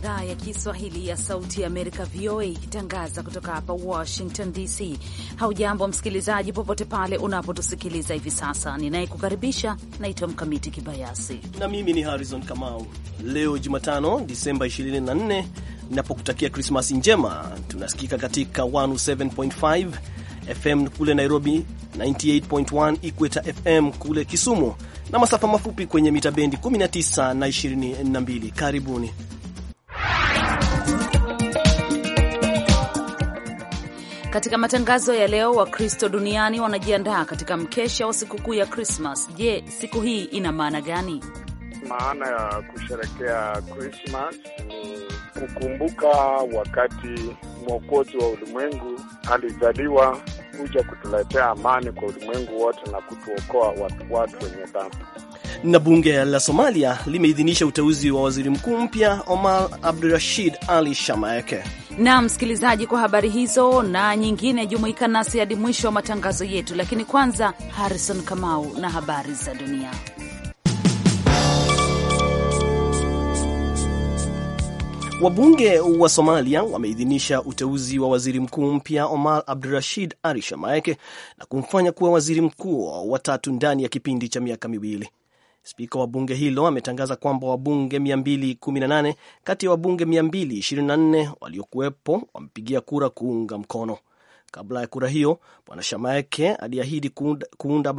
idhaa ya Kiswahili ya Sauti ya Amerika, VOA, ikitangaza kutoka hapa Washington DC. Haujambo msikilizaji, popote pale unapotusikiliza hivi sasa. Ninayekukaribisha naitwa Mkamiti Kibayasi na mimi ni Harrison Kamau. Leo Jumatano, Disemba 24, napokutakia Krismasi njema. Tunasikika katika 107.5 FM kule Nairobi, 98.1 Equator FM kule Kisumu na masafa mafupi kwenye mita bendi 19 na 22. Karibuni. Katika matangazo ya leo, Wakristo duniani wanajiandaa katika mkesha wa sikukuu ya Krismas. Je, siku hii ina maana gani? Maana ya kusherekea Krismas ni kukumbuka wakati mwokozi wa ulimwengu alizaliwa kuja kutuletea amani kwa ulimwengu wote na kutuokoa watu watu wenye dhambi. Na bunge la Somalia limeidhinisha uteuzi wa waziri mkuu mpya Omar Abdurashid Ali Shamaeke. Na msikilizaji, kwa habari hizo na nyingine, jumuika nasi hadi mwisho wa matangazo yetu, lakini kwanza, Harrison Kamau na habari za dunia. Wabunge wa Somalia wameidhinisha uteuzi wa waziri mkuu mpya Omar Abdurashid Ali Shamaeke na kumfanya kuwa waziri mkuu wa tatu ndani ya kipindi cha miaka miwili. Spika wa bunge hilo ametangaza kwamba wabunge 218 kati ya wabunge 224 waliokuwepo wamepigia kura kuunga mkono. Kabla ya kura hiyo, bwana Shamaeke aliahidi kuunda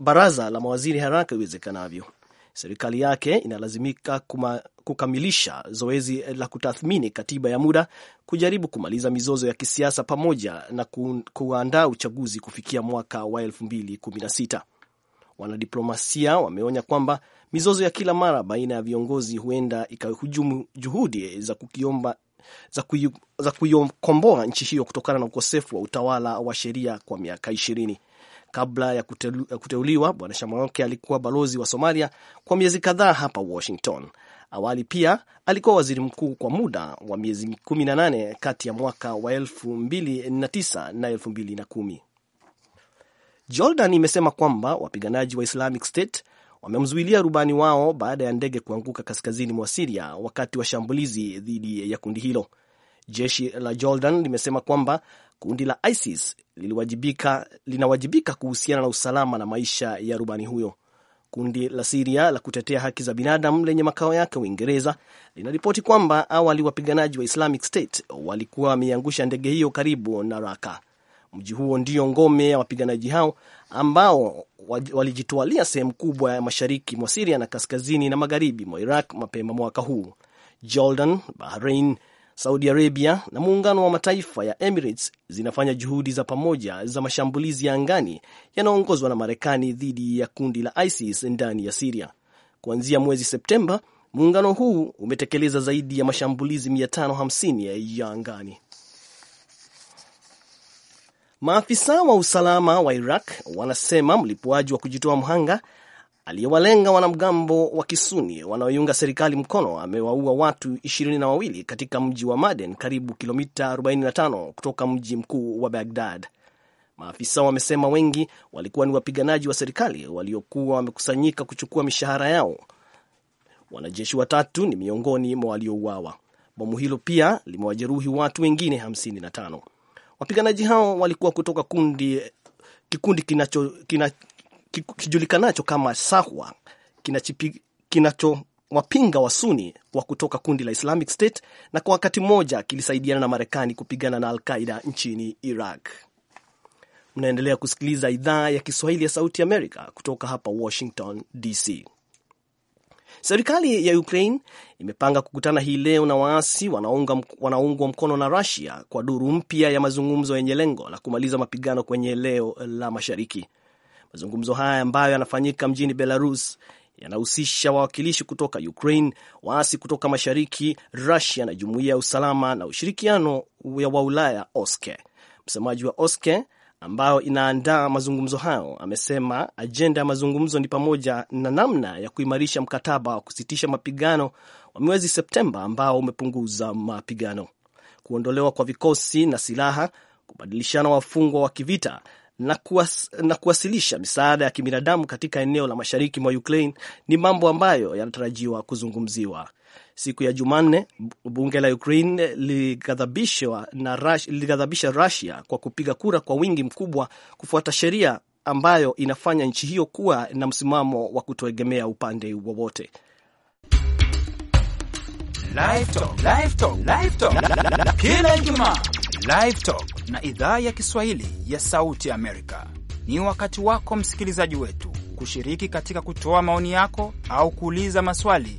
baraza la mawaziri haraka iwezekanavyo. Serikali yake inalazimika kuma, kukamilisha zoezi la kutathmini katiba ya muda, kujaribu kumaliza mizozo ya kisiasa pamoja na ku, kuandaa uchaguzi kufikia mwaka wa 2016. Wanadiplomasia wameonya kwamba mizozo ya kila mara baina ya viongozi huenda ikahujumu juhudi za kukiomba za kuikomboa nchi hiyo kutokana na ukosefu wa utawala wa sheria kwa miaka ishirini. Kabla ya kuteuliwa, Bwana Shamaroke alikuwa balozi wa Somalia kwa miezi kadhaa hapa Washington. Awali pia alikuwa waziri mkuu kwa muda wa miezi 18 kati ya mwaka wa 2009 na 2010. Jordan imesema kwamba wapiganaji wa Islamic State wamemzuilia rubani wao baada ya ndege kuanguka kaskazini mwa Siria wakati wa shambulizi dhidi ya kundi hilo. Jeshi la Jordan limesema kwamba kundi la ISIS linawajibika kuhusiana na usalama na maisha ya rubani huyo. Kundi la Siria la kutetea haki za binadamu lenye makao yake Uingereza linaripoti kwamba awali wapiganaji wa Islamic State walikuwa wameangusha ndege hiyo karibu na Raka. Mji huo ndio ngome ya wapiganaji hao ambao walijitwalia sehemu kubwa ya mashariki mwa Siria na kaskazini na magharibi mwa Iraq mapema mwaka huu. Jordan, Bahrain, Saudi Arabia na Muungano wa Mataifa ya Emirates zinafanya juhudi za pamoja za mashambulizi ya angani yanayoongozwa na Marekani dhidi ya kundi la ISIS ndani ya Siria. Kuanzia mwezi Septemba, muungano huu umetekeleza zaidi ya mashambulizi 550 ya angani. Maafisa wa usalama wa Iraq wanasema mlipuaji wa kujitoa mhanga aliyewalenga wanamgambo wa kisuni wanaoiunga serikali mkono amewaua watu ishirini na wawili katika mji wa Maden, karibu kilomita 45 kutoka mji mkuu wa Bagdad. Maafisa wamesema wengi walikuwa ni wapiganaji wa serikali waliokuwa wamekusanyika kuchukua mishahara yao. Wanajeshi watatu ni miongoni mwa waliouawa. Bomu hilo pia limewajeruhi watu wengine 55. Wapiganaji hao walikuwa kutoka kundi, kikundi kinacho, kina, kijulikanacho kama Sahwa kinachowapinga Wasuni wa kutoka kundi la Islamic State na kwa wakati mmoja kilisaidiana na Marekani kupigana na Alqaida nchini Iraq. Mnaendelea kusikiliza idhaa ya Kiswahili ya Sauti Amerika kutoka hapa Washington DC. Serikali ya Ukraine imepanga kukutana hii leo na waasi wanaoungwa mkono na rasia kwa duru mpya ya mazungumzo yenye lengo la kumaliza mapigano kwenye eneo la mashariki. Mazungumzo haya ambayo yanafanyika mjini Belarus yanahusisha wawakilishi kutoka Ukraine, waasi kutoka mashariki, rasia na jumuiya ya usalama na ushirikiano wa Ulaya, OSCE. Msemaji wa OSCE ambayo inaandaa mazungumzo hayo, amesema ajenda ya mazungumzo ni pamoja na namna ya kuimarisha mkataba wa kusitisha mapigano wa mwezi Septemba ambao umepunguza mapigano, kuondolewa kwa vikosi na silaha, kubadilishana wafungwa wa kivita na, kuwas, na kuwasilisha misaada ya kibinadamu katika eneo la mashariki mwa Ukraine ni mambo ambayo yanatarajiwa kuzungumziwa siku ya Jumanne, bunge la Ukraine lilighadhabisha Rusia kwa kupiga kura kwa wingi mkubwa kufuata sheria ambayo inafanya nchi hiyo kuwa na msimamo wa kutoegemea upande wowote. Kila Ijumaa na idhaa ya Kiswahili ya Sauti Amerika ni wakati wako msikilizaji wetu kushiriki katika kutoa maoni yako au kuuliza maswali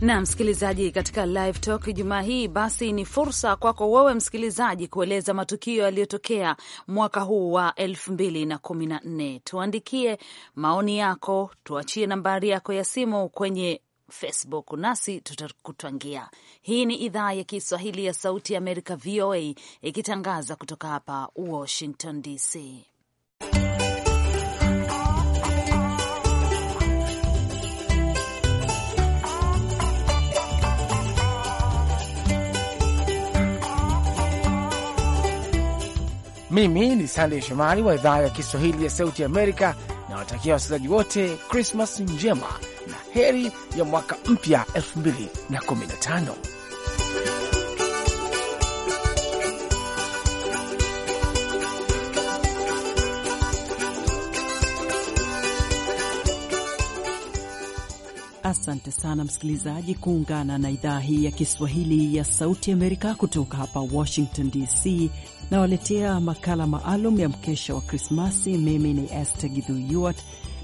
na msikilizaji, katika live talk juma hii basi ni fursa kwako wewe msikilizaji kueleza matukio yaliyotokea mwaka huu wa elfu mbili na kumi na nne. Tuandikie maoni yako, tuachie nambari yako ya simu kwenye Facebook nasi tutakutwangia. Hii ni idhaa ya Kiswahili ya Sauti ya Amerika, VOA, ikitangaza kutoka hapa Washington DC. Mimi ni Sandey Shomari wa idhaa ya Kiswahili ya Sauti Amerika, na watakia wasikilizaji wote Krismas njema na heri ya mwaka mpya 2015. Asante sana msikilizaji kuungana na idhaa hii ya Kiswahili ya Sauti Amerika kutoka hapa Washington DC. Nawaletea makala maalum ya mkesha wa Krismasi. Mimi ni Esther Githuyuat,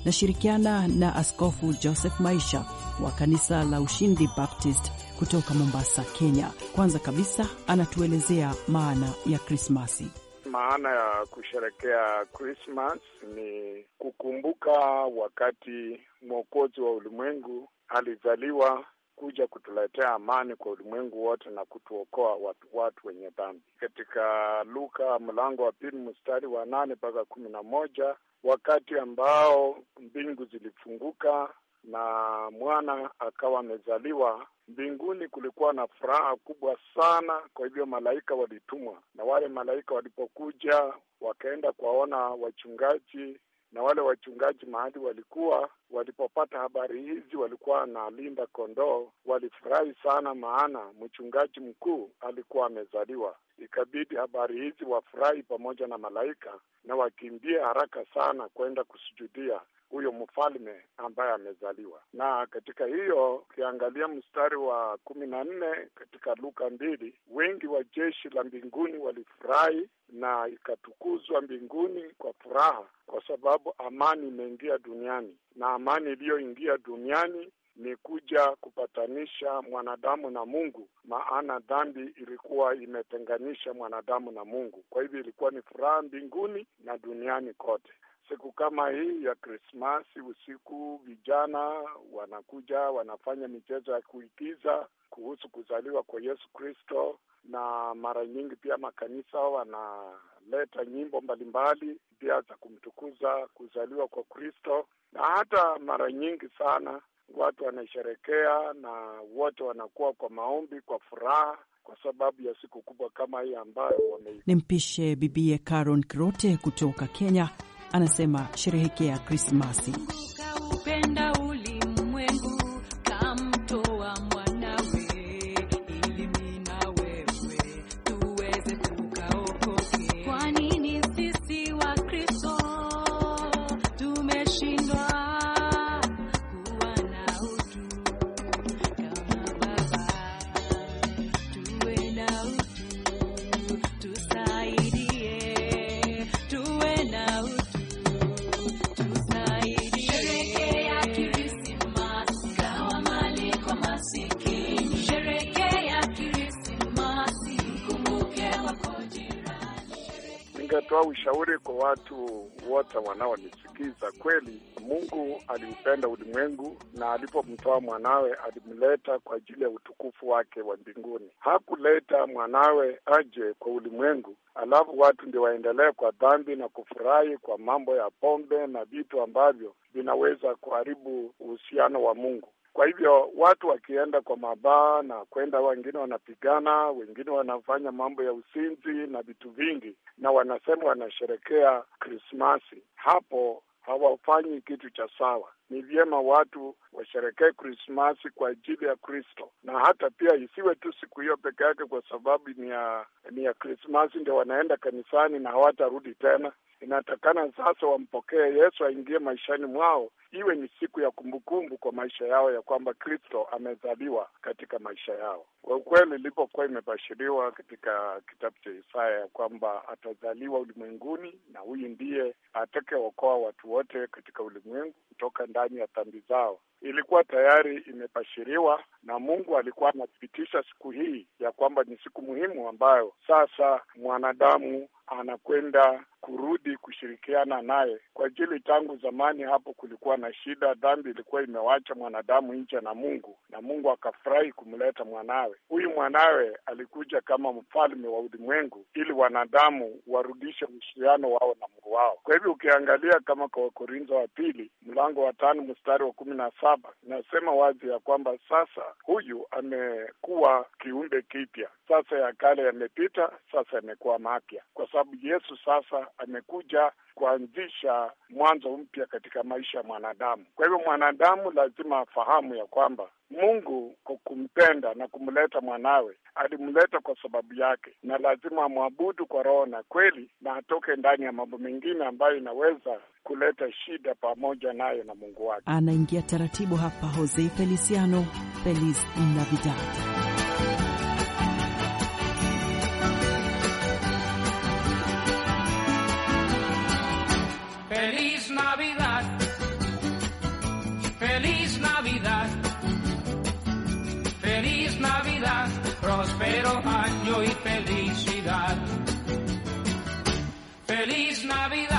nashirikiana na Askofu Joseph Maisha wa kanisa la Ushindi Baptist kutoka Mombasa, Kenya. Kwanza kabisa anatuelezea maana ya Krismasi. Maana ya kusherekea Krismas ni kukumbuka wakati mwokozi wa ulimwengu alizaliwa kuja kutuletea amani kwa ulimwengu wote na kutuokoa watu, watu wenye dhambi. Katika Luka mlango wa pili mstari wa nane mpaka kumi na moja wakati ambao mbingu zilifunguka na mwana akawa amezaliwa mbinguni, kulikuwa na furaha kubwa sana. Kwa hivyo malaika walitumwa, na wale malaika walipokuja wakaenda kuwaona wachungaji na wale wachungaji mahali walikuwa, walipopata habari hizi, walikuwa linda kondoo, walifurahi sana, maana mchungaji mkuu alikuwa amezaliwa. Ikabidi habari hizi wafurahi pamoja na malaika, na wakimbie haraka sana kwenda kusujudia huyo mfalme ambaye amezaliwa. Na katika hiyo ukiangalia mstari wa kumi na nne katika Luka mbili, wengi wa jeshi la mbinguni walifurahi na ikatukuzwa mbinguni kwa furaha, kwa sababu amani imeingia duniani, na amani iliyoingia duniani ni kuja kupatanisha mwanadamu na Mungu, maana dhambi ilikuwa imetenganisha mwanadamu na Mungu. Kwa hivyo ilikuwa ni furaha mbinguni na duniani kote siku kama hii ya Krismasi usiku, vijana wanakuja wanafanya michezo ya kuigiza kuhusu kuzaliwa kwa Yesu Kristo, na mara nyingi pia makanisa wanaleta nyimbo mbalimbali pia za kumtukuza kuzaliwa kwa Kristo, na hata mara nyingi sana watu wanasherekea na wote wanakuwa kwa maombi, kwa furaha kwa sababu ya siku kubwa kama hii ambayo wame. Nimpishe bibie Caron Kirote kutoka Kenya anasema sherehekea Krismasi. watu wote wanaonisikiza, kweli Mungu aliupenda ulimwengu na alipomtoa mwanawe alimleta kwa ajili ya utukufu wake wa mbinguni. Hakuleta mwanawe aje kwa ulimwengu alafu watu ndio waendelee kwa dhambi na kufurahi kwa mambo ya pombe na vitu ambavyo vinaweza kuharibu uhusiano wa Mungu. Kwa hivyo watu wakienda kwa mabaa na kwenda, wengine wanapigana, wengine wanafanya mambo ya usinzi na vitu vingi, na wanasema wanasherekea Krismasi, hapo hawafanyi kitu cha sawa ni vyema watu washerekee Krismasi kwa ajili ya Kristo, na hata pia isiwe tu siku hiyo peke yake, kwa sababu ni ya ni ya Krismasi ndio wanaenda kanisani na hawatarudi tena. Inatakana sasa wampokee Yesu aingie maishani mwao, iwe ni siku ya kumbukumbu kwa maisha yao ya kwamba Kristo amezaliwa katika maisha yao. Kwa ukweli, ilipokuwa imebashiriwa katika kitabu cha Isaya ya kwamba atazaliwa ulimwenguni na huyu ndiye atakayeokoa watu wote katika ulimwengu kutoka ndani ndani ya tambi zao. Ilikuwa tayari imebashiriwa na Mungu, alikuwa anathibitisha siku hii ya kwamba ni siku muhimu ambayo sasa mwanadamu anakwenda kurudi kushirikiana naye kwa ajili, tangu zamani hapo kulikuwa na shida. Dhambi ilikuwa imewacha mwanadamu nje na Mungu, na Mungu akafurahi kumleta mwanawe. Huyu mwanawe alikuja kama mfalme wa ulimwengu, ili wanadamu warudishe uhusiano wao na Mungu wao. Kwa hivyo ukiangalia kama kwa Wakorintho wa pili mlango wa tano mstari wa kumi na saba inasema wazi ya kwamba sasa huyu amekuwa kiumbe kipya, sasa ya kale yamepita, sasa yamekuwa mapya kwa sababu Yesu sasa amekuja kuanzisha mwanzo mpya katika maisha ya mwanadamu. Kwa hivyo mwanadamu lazima afahamu ya kwamba Mungu kwa kumpenda na kumleta mwanawe alimleta kwa sababu yake, na lazima amwabudu kwa roho na kweli, na atoke ndani ya mambo mengine ambayo inaweza kuleta shida pamoja naye na Mungu wake. Anaingia taratibu hapa Jose Feliciano Feliz Navidad. y felicidad. Feliz Navidad.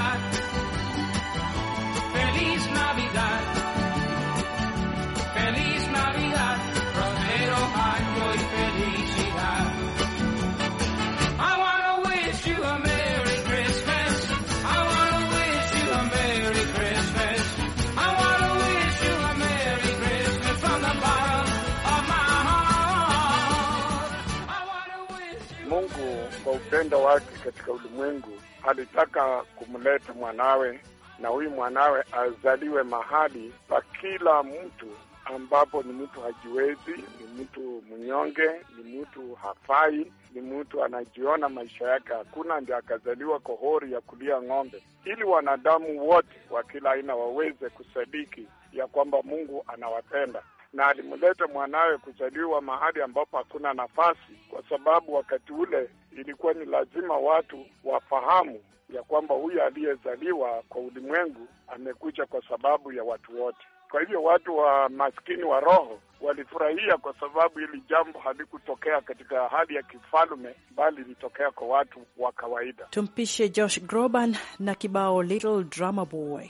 upendo wake katika ulimwengu, alitaka kumleta mwanawe na huyu mwanawe azaliwe mahali pa kila mtu ambapo ni mtu hajiwezi, ni mtu mnyonge, ni mtu hafai, ni mtu anajiona maisha yake hakuna, ndio akazaliwa kohori ya kulia ng'ombe, ili wanadamu wote wa kila aina waweze kusadiki ya kwamba Mungu anawapenda na alimleta mwanawe kuzaliwa mahali ambapo hakuna nafasi, kwa sababu wakati ule ilikuwa ni lazima watu wafahamu ya kwamba huyu aliyezaliwa kwa ulimwengu amekuja kwa sababu ya watu wote. Kwa hivyo watu wa maskini wa roho walifurahia kwa sababu hili jambo halikutokea katika hali ya kifalume, bali ilitokea kwa watu wa kawaida. Tumpishe Josh Groban na kibao Little Drama Boy.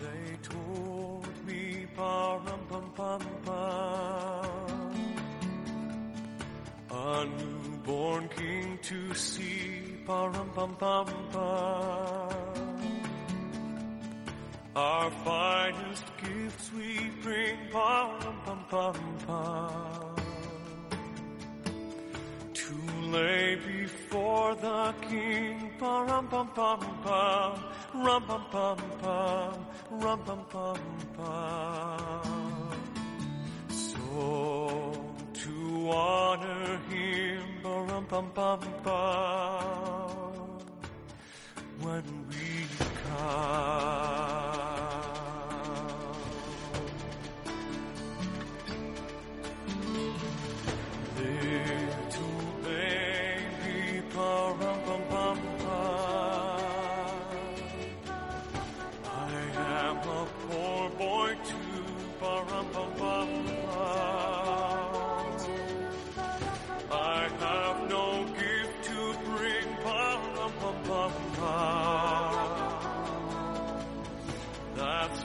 they told me, A newborn king to see, pam pam pam. Our finest gifts we bring, pam pam pam. To lay before the king, pam pam pam, pam pam pam, pam pam pam. So to honor bum bum bum when we come.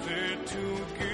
Together. to give.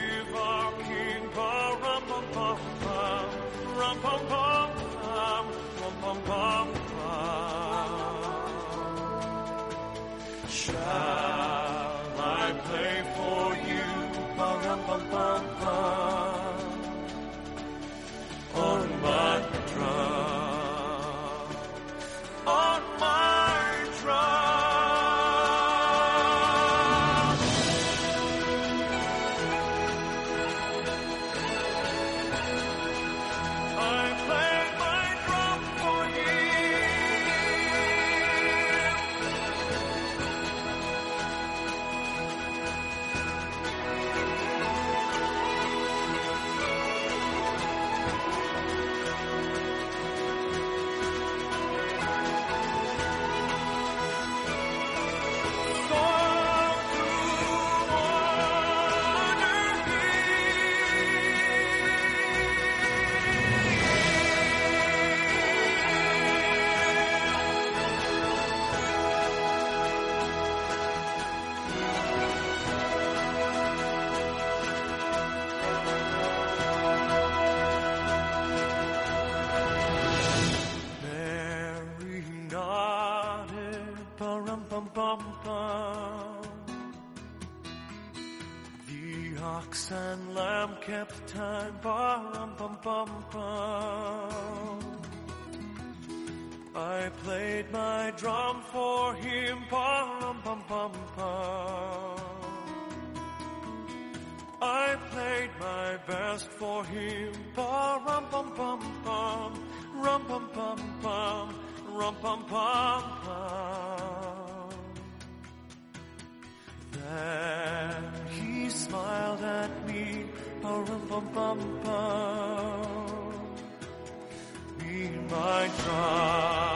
pom pom pom. Then he smiled at me, A rum pom pom pom. Be my drum.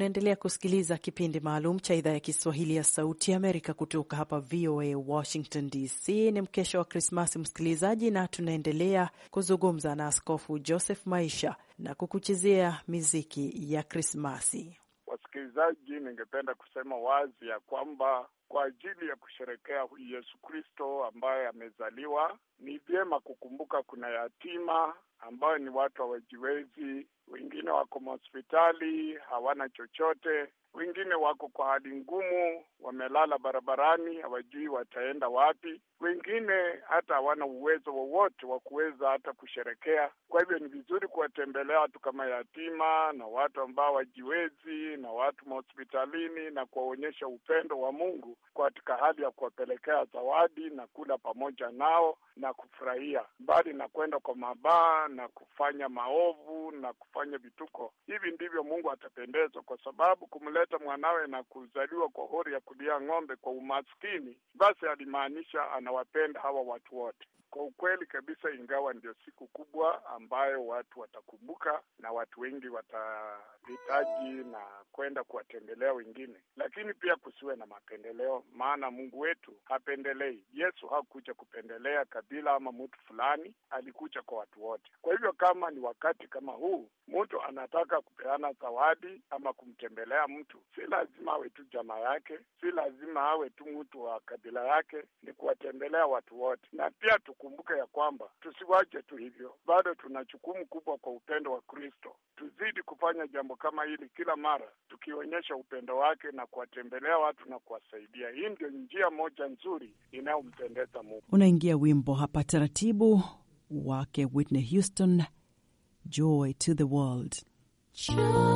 Unaendelea kusikiliza kipindi maalum cha idhaa ya Kiswahili ya Sauti ya Amerika kutoka hapa VOA Washington DC. Ni mkesho wa Krismasi, msikilizaji, na tunaendelea kuzungumza na Askofu Joseph Maisha na kukuchezea miziki ya Krismasi. Wasikilizaji, ningependa kusema wazi ya kwamba kwa ajili ya kusherekea Yesu Kristo ambaye amezaliwa, ni vyema kukumbuka kuna yatima ambao ni watu hawajiwezi, wengine wako mahospitali, hawana chochote wengine wako kwa hali ngumu, wamelala barabarani, hawajui wataenda wapi. Wengine hata hawana uwezo wowote wa kuweza hata kusherekea. Kwa hivyo ni vizuri kuwatembelea watu kama yatima na watu ambao wajiwezi na watu mahospitalini, na kuwaonyesha upendo wa Mungu katika hali ya kuwapelekea zawadi na kula pamoja nao na kufurahia, mbali na kwenda kwa mabaa na kufanya maovu na kufanya vituko. Hivi ndivyo Mungu atapendezwa, kwa sababu kumle kumleta mwanawe na kuzaliwa kwa hori ya kulia ng'ombe kwa umaskini, basi alimaanisha anawapenda hawa watu wote. Kwa ukweli kabisa, ingawa ndio siku kubwa ambayo watu watakumbuka na watu wengi watahitaji na kwenda kuwatembelea wengine, lakini pia kusiwe na mapendeleo, maana Mungu wetu hapendelei. Yesu hakuja kupendelea kabila ama mtu fulani, alikuja kwa watu wote. Kwa hivyo kama ni wakati kama huu mtu anataka kupeana zawadi ama kumtembelea mtu mtu, si lazima awe tu jamaa yake, si lazima awe tu mtu wa kabila yake, ni kuwatembelea watu wote. Na pia tukumbuke ya kwamba tusiwache tu hivyo, bado tuna jukumu kubwa kwa upendo wa Kristo. Tuzidi kufanya jambo kama hili kila mara, tukionyesha upendo wake na kuwatembelea watu na kuwasaidia. Hii ndio njia moja nzuri inayompendeza Mungu. Unaingia wimbo hapa taratibu wake Whitney Houston, Joy to the World. Joy.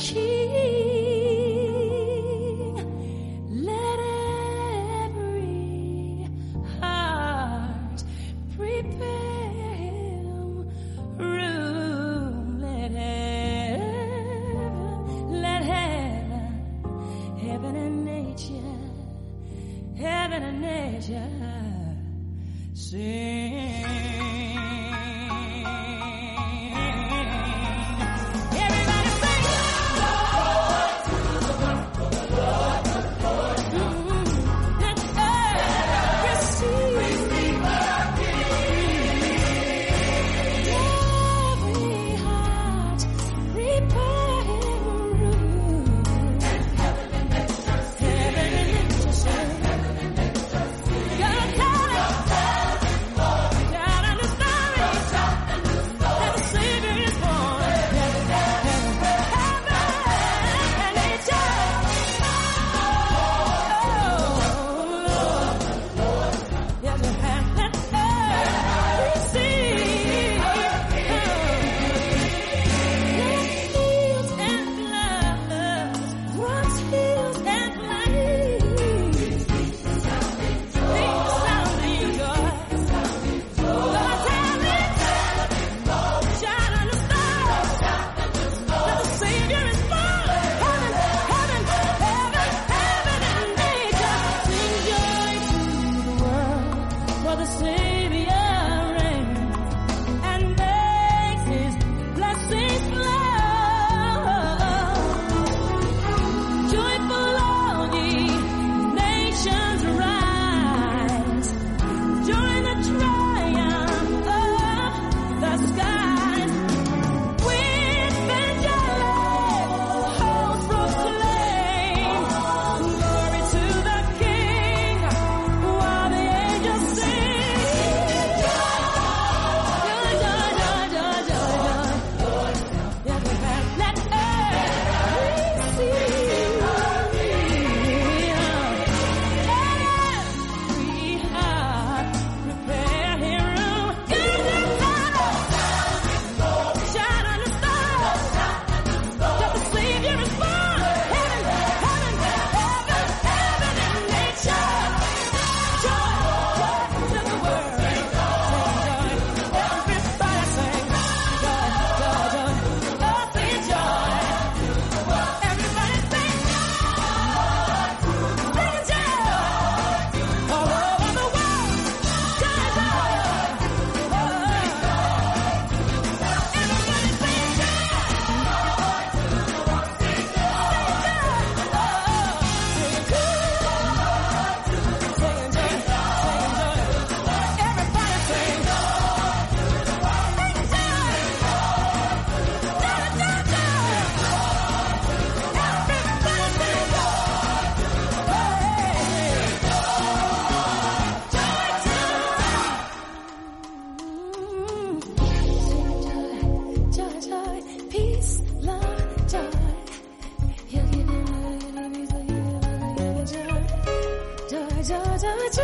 cheek. joy, joy, joy,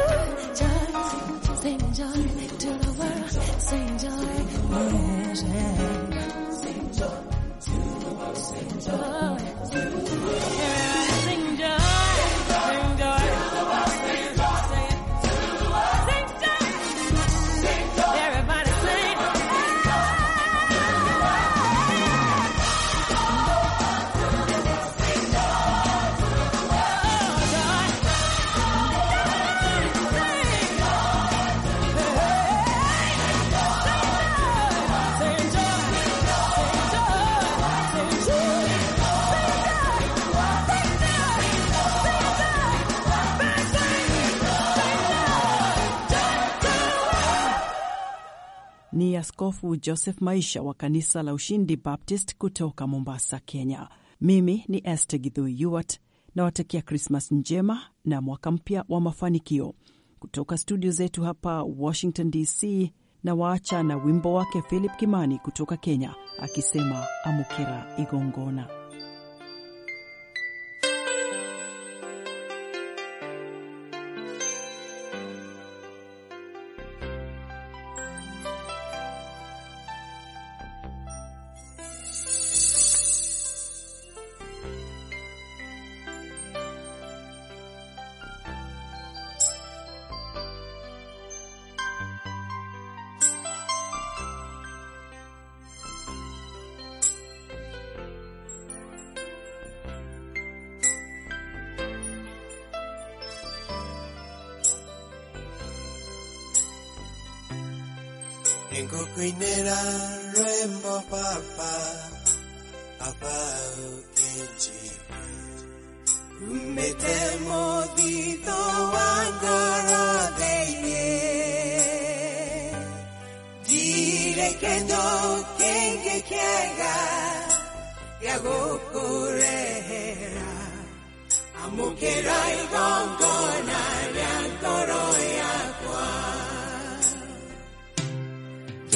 joy. Sing joy to the world. Sing joy. Yeah, yeah. Sing joy to the world. Sing joy. Yeah. ni Askofu Joseph Maisha wa kanisa la Ushindi Baptist kutoka Mombasa, Kenya. Mimi ni Esther Githui yuart nawatakia Krismas njema na mwaka mpya wa mafanikio kutoka studio zetu hapa Washington DC, na waacha na wimbo wake Philip Kimani kutoka Kenya akisema amukira igongona. Winera Rainbow papa, papa ukinji. Metemo dito angoro deine. Dire che no, che che chiega, che agocurera. Amukera il gongona, riantoroia.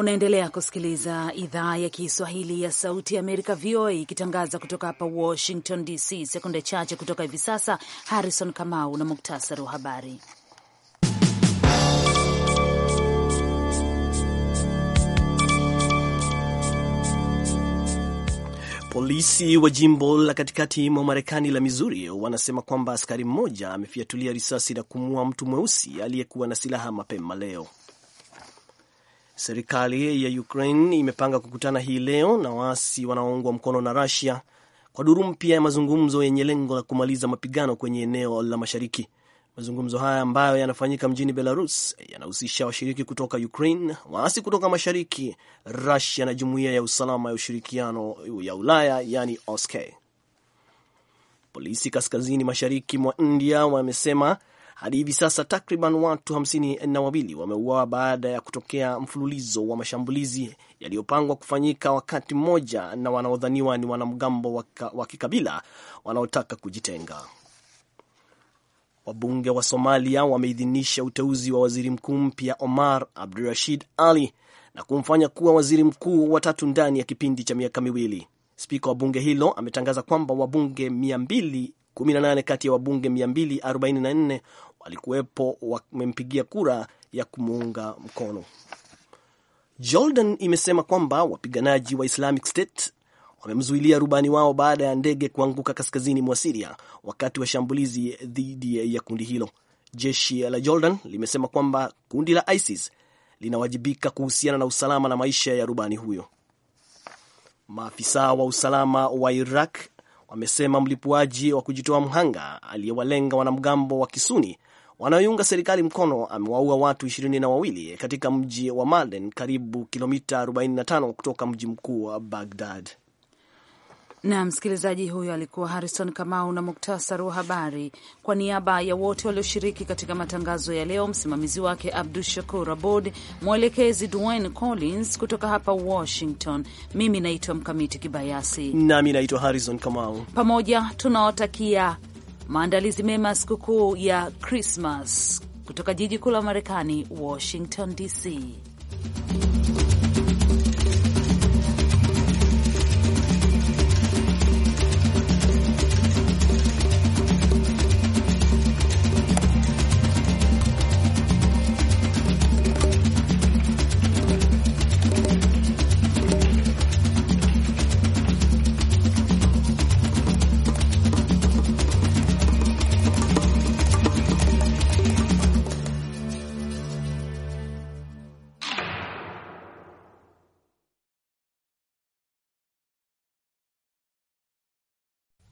Unaendelea kusikiliza idhaa ya Kiswahili ya Sauti ya Amerika, VOA, ikitangaza kutoka hapa Washington DC. Sekunde chache kutoka hivi sasa, Harrison Kamau na muktasari wa habari. Polisi wa jimbo la katikati mwa Marekani la Mizuri wanasema kwamba askari mmoja amefiatulia risasi na kumua mtu mweusi aliyekuwa na silaha mapema leo. Serikali ya Ukraine imepanga kukutana hii leo na waasi wanaoungwa mkono na Russia kwa duru mpya ya mazungumzo yenye lengo la kumaliza mapigano kwenye eneo la mashariki. Mazungumzo haya ambayo yanafanyika mjini Belarus yanahusisha washiriki kutoka Ukraine, waasi kutoka mashariki, Russia na jumuiya ya usalama ya ushirikiano ya Ulaya, yani OSCE. Polisi kaskazini mashariki mwa India wamesema hadi hivi sasa takriban watu hamsini na wawili wameuawa baada ya kutokea mfululizo wa mashambulizi yaliyopangwa kufanyika wakati mmoja na wanaodhaniwa ni wanamgambo wa kikabila wanaotaka kujitenga. Wabunge wa Somalia wameidhinisha uteuzi wa waziri mkuu mpya Omar Abdurashid Ali na kumfanya kuwa waziri mkuu watatu ndani ya kipindi cha miaka miwili. Spika wa bunge hilo ametangaza kwamba wabunge 218 kati ya wabunge 244 walikuwepo wamempigia kura ya kumuunga mkono. Jordan imesema kwamba wapiganaji wa Islamic State wamemzuilia rubani wao baada ya ndege kuanguka kaskazini mwa Siria wakati wa shambulizi dhidi ya kundi hilo. Jeshi la Jordan limesema kwamba kundi la ISIS linawajibika kuhusiana na usalama na maisha ya rubani huyo. Maafisa wa usalama wa Iraq wamesema mlipuaji wa kujitoa mhanga aliyewalenga wanamgambo wa Kisuni wanaoiunga serikali mkono amewaua watu ishirini na wawili katika mji wa Malden, karibu kilomita 45 kutoka mji mkuu wa Bagdad. Na msikilizaji huyo alikuwa Harrison Kamau na muktasari wa habari. Kwa niaba ya wote walioshiriki katika matangazo ya leo, msimamizi wake Abdu Shakur Abod, mwelekezi Dwayne Collins, kutoka hapa Washington, mimi naitwa Mkamiti Kibayasi nami naitwa Harrison Kamau, pamoja tunawatakia maandalizi mema ya sikukuu ya Krismas kutoka jiji kuu la Marekani, Washington DC.